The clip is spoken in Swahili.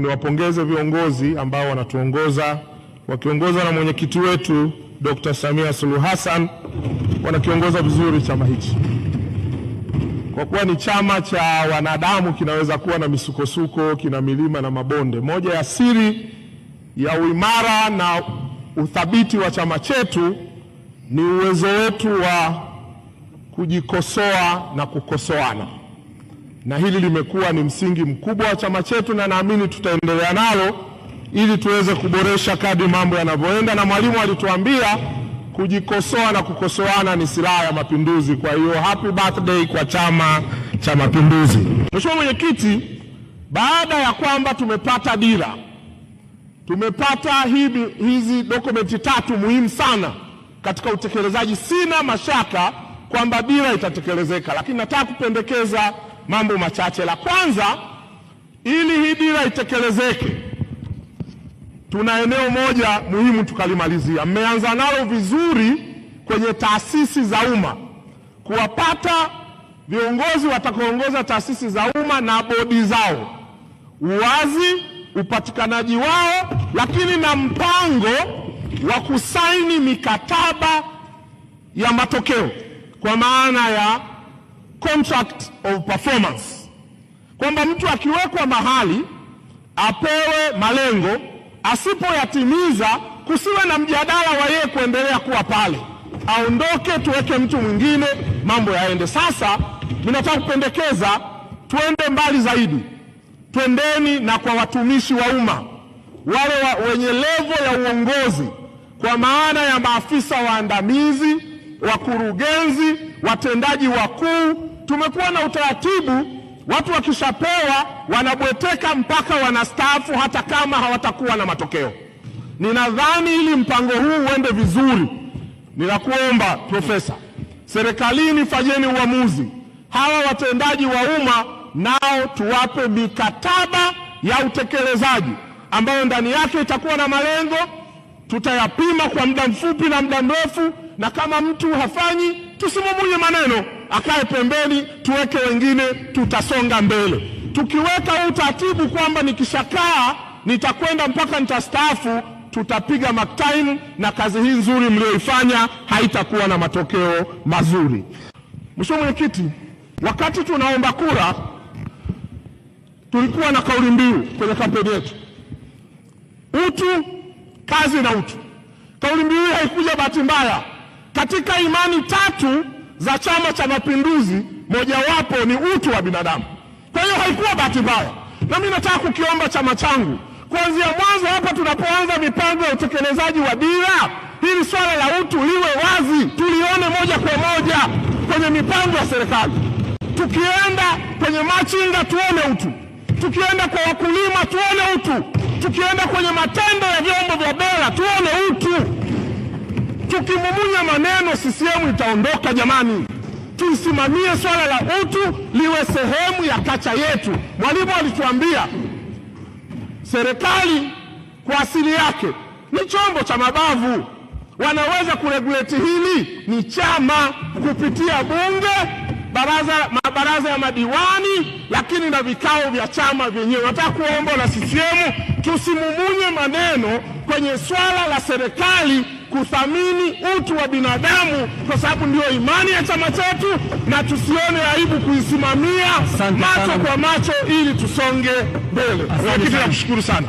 Niwapongeze viongozi ambao wanatuongoza wakiongozwa na mwenyekiti wetu Dr. Samia Suluhu Hassan, wanakiongoza vizuri chama hichi. Kwa kuwa ni chama cha wanadamu, kinaweza kuwa na misukosuko, kina milima na mabonde. Moja ya siri ya uimara na uthabiti wa chama chetu ni uwezo wetu wa kujikosoa na kukosoana na hili limekuwa ni msingi mkubwa wa chama chetu, na naamini tutaendelea nalo ili tuweze kuboresha kadri mambo yanavyoenda. Na Mwalimu alituambia kujikosoa na kukosoana ni silaha ya mapinduzi. Kwa hiyo happy birthday kwa Chama cha Mapinduzi. Mheshimiwa Mwenyekiti, baada ya kwamba tumepata dira, tumepata hibi, hizi dokumenti tatu muhimu sana katika utekelezaji, sina mashaka kwamba dira itatekelezeka, lakini nataka kupendekeza mambo machache. La kwanza, ili hii dira itekelezeke, tuna eneo moja muhimu tukalimalizia. Mmeanza nalo vizuri kwenye taasisi za umma, kuwapata viongozi watakaoongoza taasisi za umma na bodi zao, uwazi upatikanaji wao, lakini na mpango wa kusaini mikataba ya matokeo kwa maana ya contract of performance, kwamba mtu akiwekwa mahali apewe malengo, asipoyatimiza kusiwe na mjadala wa yeye kuendelea kuwa pale, aondoke, tuweke mtu mwingine, mambo yaende. Sasa ninataka kupendekeza twende mbali zaidi, twendeni na kwa watumishi wa umma wale wa, wenye levo ya uongozi kwa maana ya maafisa waandamizi, wakurugenzi, watendaji wakuu tumekuwa na utaratibu, watu wakishapewa wanabweteka mpaka wanastaafu, hata kama hawatakuwa na matokeo. Ninadhani ili mpango huu uende vizuri, ninakuomba Profesa, serikalini fanyeni uamuzi, hawa watendaji wa umma nao tuwape mikataba ya utekelezaji ambayo ndani yake itakuwa na malengo, tutayapima kwa muda mfupi na muda mrefu, na kama mtu hafanyi tusimumunye maneno, akae pembeni, tuweke wengine, tutasonga mbele. Tukiweka huu utaratibu kwamba nikishakaa nitakwenda mpaka nitastaafu, tutapiga maktaimu na kazi hii nzuri mliyoifanya haitakuwa na matokeo mazuri. Mheshimiwa Mwenyekiti, wakati tunaomba kura tulikuwa na kauli mbiu kwenye kampeni yetu, utu, kazi na utu. Kauli mbiu hii haikuja bahati mbaya. Katika imani tatu za Chama cha Mapinduzi, mojawapo ni utu wa binadamu. Kwa hiyo haikuwa bahati mbaya, na mimi nataka kukiomba chama changu kuanzia mwanzo hapa tunapoanza mipango ya utekelezaji wa dira, hili swala la utu liwe wazi, tulione moja kwa moja kwenye mipango ya serikali. Tukienda kwenye machinga tuone utu, tukienda kwa wakulima tuone utu, tukienda kwenye matendo ya vyombo vya dola tuone utu. Tukimumunya maneno CCM itaondoka jamani. Tusimamie swala la utu liwe sehemu ya kacha yetu. Mwalimu alituambia serikali kwa asili yake ni chombo cha mabavu, wanaweza kuregulate hili ni chama kupitia bunge baraza, mabaraza ya madiwani, lakini na vikao vya chama vyenyewe. Nataka kuomba na CCM tusimumunye maneno kwenye swala la serikali kuthamini utu wa binadamu, kwa sababu ndio imani ya chama chetu, na tusione aibu kuisimamia macho kwa macho, ili tusonge mbele. Lakini nakushukuru sana.